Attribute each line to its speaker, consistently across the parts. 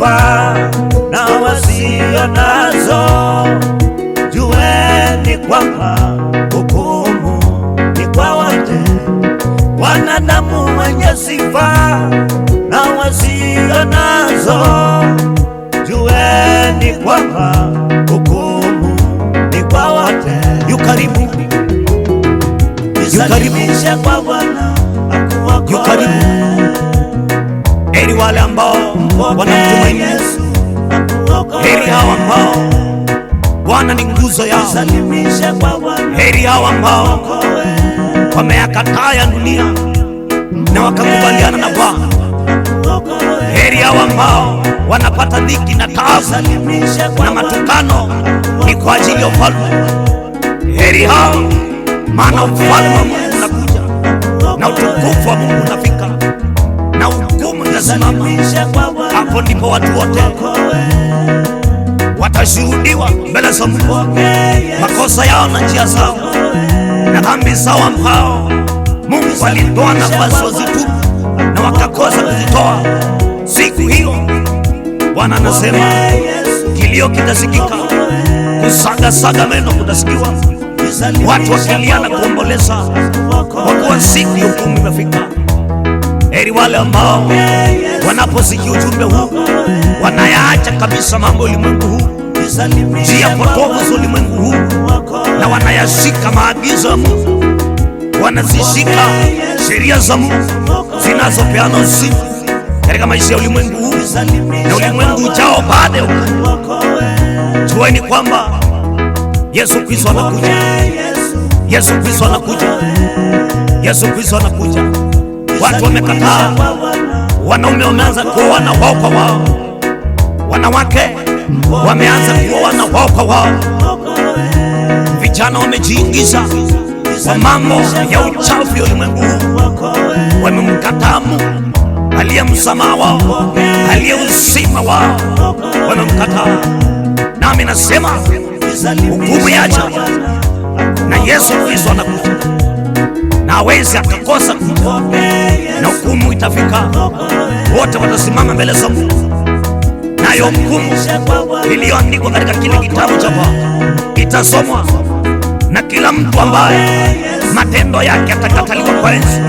Speaker 1: amenipa na wasio nazo, jueni kwamba hukumu ni kwa wote. Wanadamu wenye sifa na wasio nazo, jueni kwamba hukumu ni kwa wote.
Speaker 2: Yukarimu
Speaker 1: jikaribishe kwa Bwana akuokoe,
Speaker 2: eli wale ambao
Speaker 1: wanamtumaini
Speaker 2: Heri hawa ambao Bwana ni nguzo yao, heri hawa ambao wameyakataa ya dunia na wakakubaliana na Bwana. Heri hawa ambao wanapata dhiki na taabu na matukano ni kwa ajili ya ufalme. Heri hawa, maana ufalme wa Mungu unakuja na utukufu wa Mungu unafika na hukumu inasimama hapo ndipo watu wote watashuhudiwa mbele za Mungu makosa yao na njia zao na dhambi zao, ambao Mungu alitoa nafasi wazitubu na wakakosa kuzitoa. Siku hiyo Bwana anasema kilio kitasikika, kusagasaga meno kutasikiwa, watu wakiliana kuomboleza, kwa kuwa siku ya hukumu imefika. Heri wale ambao Wanaposikia ujumbe huu wanayaacha kabisa mambo ulimwengu huu, njia potovu za ulimwengu huu, na wanayashika maagizo ya Mungu, wanazishika sheria za Mungu zinazopeana uzima katika maisha ya ulimwengu huu na ulimwengu ujao baada ya ukuu. kwamba Yesu Kristo anakuja, Yesu Kristo anakuja, Yesu Kristo anakuja. Watu wamekataa Wanaume wameanza kuoana wao kwa wao, wanawake wameanza kuoana wao kwa wao, vijana wamejiingiza kwa mambo ya uchafu ya ulimwengu, wamemkatamu aliye msamaha wao, aliye uzima wao, wamemkataa. Nami nasema hukumu yaja na Yesu Kristo anakuja hawezi akakosa na hukumu itafika, wote watasimama mbele za Mungu, nayo hukumu iliyoandikwa katika kile kitabu cha Bwana itasomwa na kila mtu ambaye matendo yake atakataliwa kwa enzi,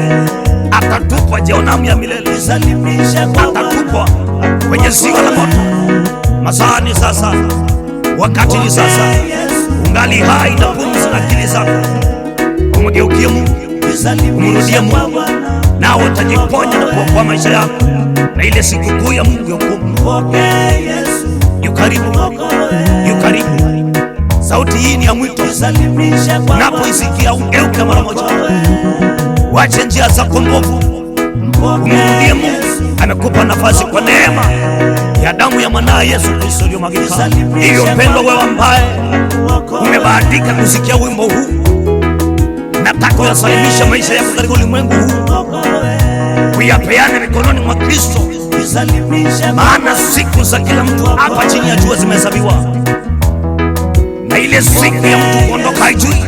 Speaker 2: atatupwa jehanamu ya milele, atatupwa kwenye ziwa la moto. Masaa ni sasa, wakati ni sasa, ungali hai na pumzi na akili zako, umgeukie Mungu umrudie Mungu nawe utajiponya na kuokoa maisha yako, na ile sikukuu ya Mungu ya yukaribu, yukaribu. Sauti hii ni ya mwito, unapoisikia ugeuke mara moja, wache njia zako mbovu, umrudie Mungu. Amekupa nafasi kwa neema ya damu ya mwanaye Yesu Kristo. Hiyo mpendwa, wewe ambaye umebahatika kusikia wimbo huu Nataka kuyasalimisha maisha yako katika ulimwengu huu, kuyapeana mikononi mwa Kristo, maana siku za kila mtu hapa chini ya jua zimehesabiwa, na ile siku ya mtu kuondoka haijui,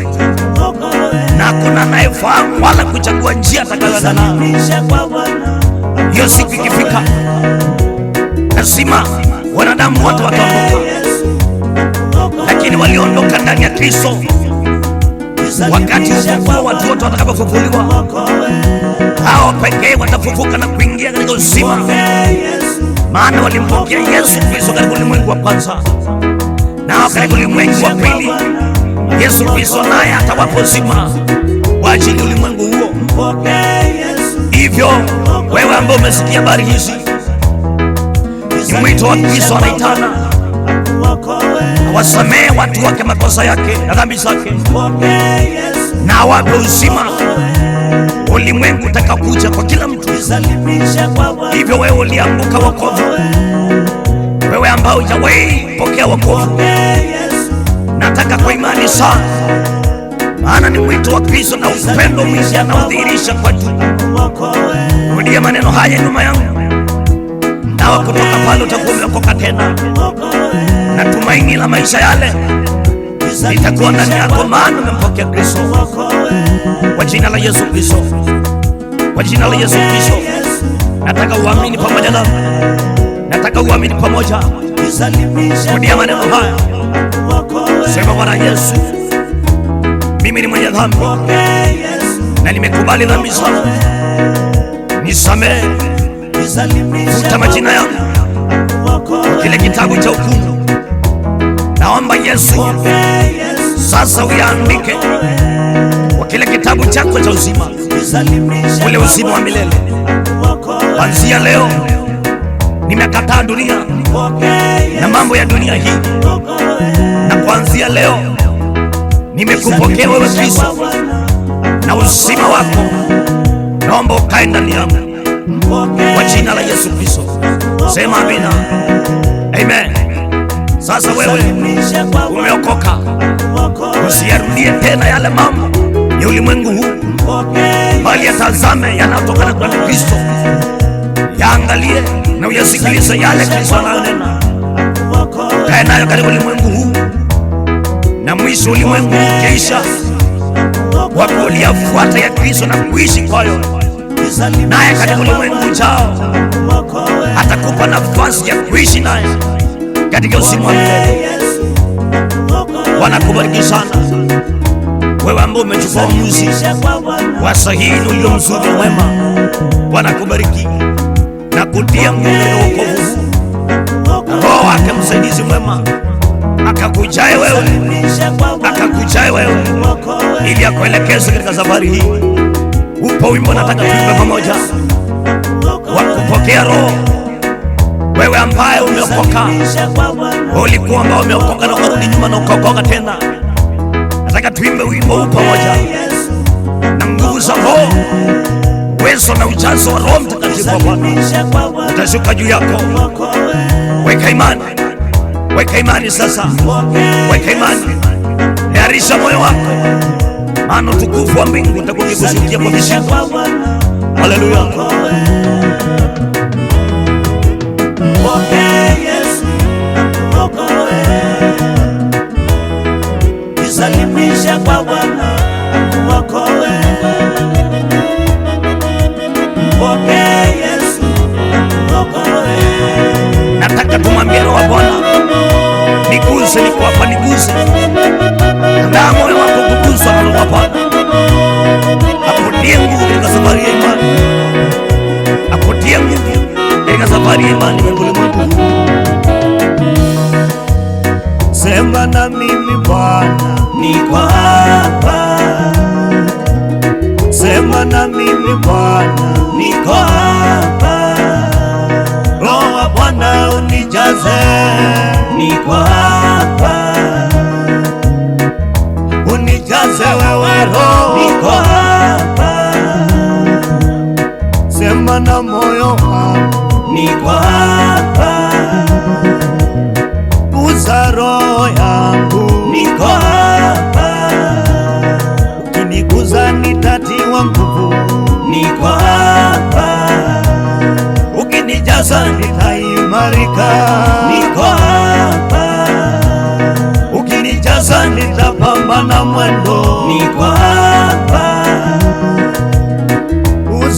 Speaker 2: na kuna anayefahamu wala kuchagua njia atakayoendana. Hiyo siku ikifika, lazima wanadamu wote wataondoka, lakini waliondoka ndani ya Kristo wakati ufufuo watu wote watakapofufuliwa, hao pekee watafufuka na kuingia katika uzima, maana walimpokea Yesu Kristo katika ulimwengu wa kwanza, nao katika ulimwengu wa pili Yesu Kristo naye atawapa uzima kwa ajili ya ulimwengu huo. Hivyo wewe ambao umesikia habari hizi, ni mwito wa Kristo anaitana awasamee watu wake makosa yake na dhambi zake, na awape uzima ulimwengu utakakuja kwa kila mtu. Hivyo wewe ulianguka wokovu, wewe ambao hujawahi pokea wokovu, nataka kwa imani sana, maana ni mwito wa Kristo na upendo mwingi anaudhihirisha kwetu. Rudia maneno haya nyuma yangu, nawa kutoka pale utakuwa umeokoka tena na tumaini la maisha yale litakuwa ndani yako, maana umempokea Kristo. Kwa jina la Yesu Kristo, kwa jina la Yesu Kristo, nataka uamini pamoja na nataka uamini pamoja. Rudia maneno haya, sema: Bwana Yesu, mimi ni mwenye dhambi na nimekubali dhambi zangu, nisamehe, futa majina yangu kile kitabu cha hukumu Naomba Yesu sasa uyaandike kwa kile kitabu chako cha uzima, ule uzima wa milele. Kuanzia leo nimekataa dunia na mambo ya dunia hii, na kuanzia leo nimekupokea wewe Kristo na uzima wako. Naomba ukae ndani yangu kwa jina la Yesu Kristo, sema amina. Sasa wewe umeokoka, usiyarudie tena yale mambo ya ulimwengu huu, bali yatazame yanayotokana kwa Kristo, yaangalie na uyasikilize yale Kristo anayonena. Kae nayo katika ulimwengu huu, na mwisho ulimwengu ukiisha, wakuliafuata ya Kristo na kuishi kwayo, naye katika ulimwengu chao, atakupa nafasi ya kuishi naye katika usiku wa leo. Wanakubariki sana wewe ambao umechukua muzi wa sahihi ulio mzuri wema, wanakubariki na kutia nguvu na wokovu. Roho wake msaidizi mwema akakujae wewe, akakujae wewe ili akuelekeze katika safari hii. Upo wimbo nataka tuimbe pamoja, wakupokea roho wewe ambaye umeokoka, ulikuwa ambaye umeokoka na ukarudi nyuma na ukaokoka tena, nataka tuimbe wimbo huu pamoja na nguvu za Roho, uwezo na ujazo wa Roho Mtakatifu wa Bwana utashuka juu yako. Weka imani, weka imani sasa, weka imani, tayarisha moyo wako, maana utukufu wa mbingu utakuwa ukikushukia kwa vishindo. Haleluya!
Speaker 1: na mimi Bwana, niko hapa. Sema na mimi Bwana, niko hapa. Roho wa Bwana unijaze, niko hapa. Unijaze wewe Roho, niko hapa. Sema na moyo wangu, niko hapa.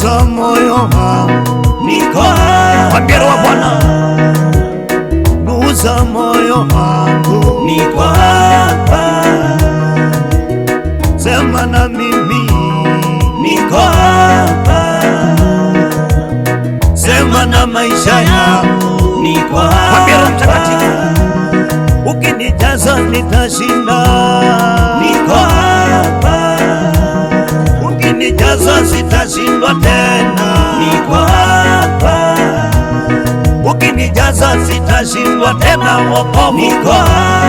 Speaker 1: za moyo wangu niko hapa, Bwana nguvu za moyo wangu niko hapa, sema na mimi niko hapa, sema na maisha yangu niko
Speaker 2: hapa, Mtakatifu
Speaker 1: ukinijaza nitashinda, niko hapa sasa sitashindwa tena, niko hapa, ukinijaza sitashindwa tena, wokovu niko hapa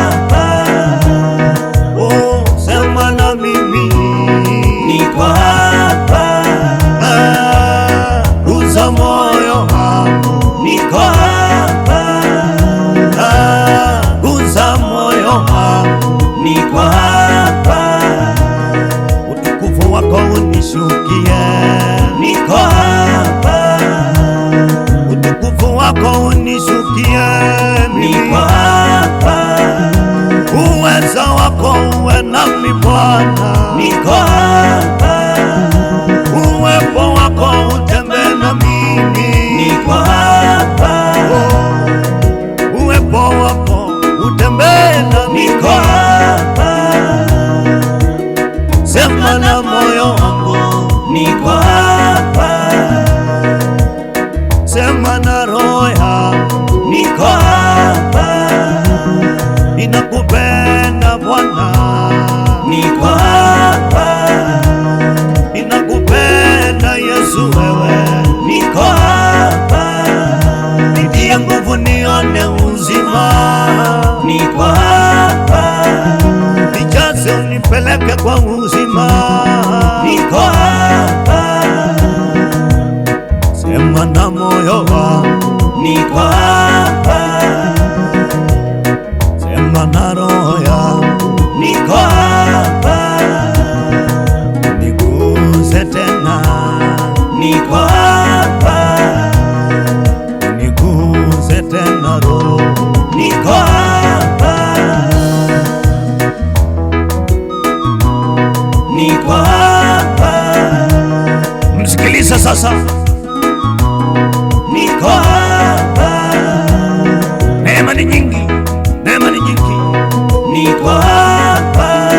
Speaker 1: México. nione uzima ni kwa sasa niko hapa,
Speaker 2: neema ni nyingi, neema ni nyingi,
Speaker 1: niko hapa,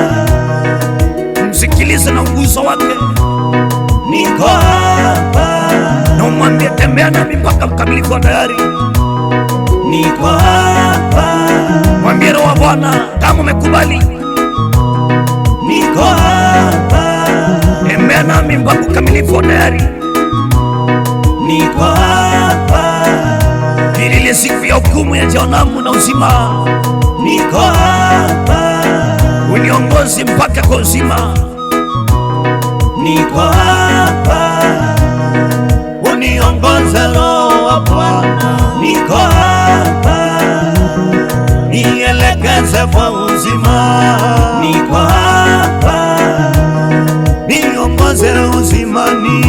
Speaker 2: msikilize na uguso wake,
Speaker 1: niko hapa,
Speaker 2: na umwambie tembea nami mpaka mkamilifu wa tayari,
Speaker 1: niko hapa,
Speaker 2: mwambie Roho wa Bwana kama umekubali,
Speaker 1: niko hapa,
Speaker 2: tembea nami mpaka mkamilifu wa tayari
Speaker 1: ni kwapa,
Speaker 2: ili ile siku ya hukumu ya jehanamu na uzima
Speaker 1: ni hapa,
Speaker 2: uniongozi mpaka kwa uzima
Speaker 1: ni hapa, uniongoza Roho Bwana ni hapa, nielekeze kwa uzima ni kwapa, niongoze uzimani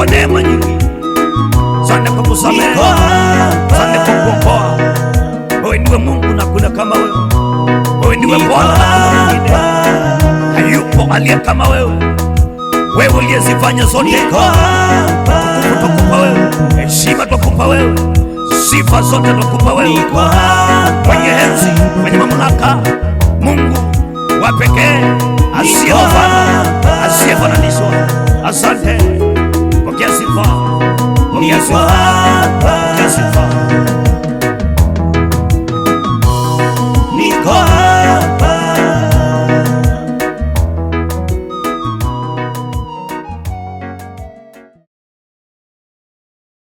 Speaker 2: kwa neema nyingi, sande kwa kusamehe, sande kwa kuokoa. Wewe ndiwe Mungu na kuna kama wewe, wewe ndiwe Bwana na mwingine, hayupo aliye kama wewe, wewe uliyezifanya zote.
Speaker 1: Tukufu twakupa wewe,
Speaker 2: heshima twakupa wewe, sifa zote twakupa wewe, kwenye enzi, kwenye mamlaka, Mungu wa pekee asiyefananishwa. Asante. Yesu hapa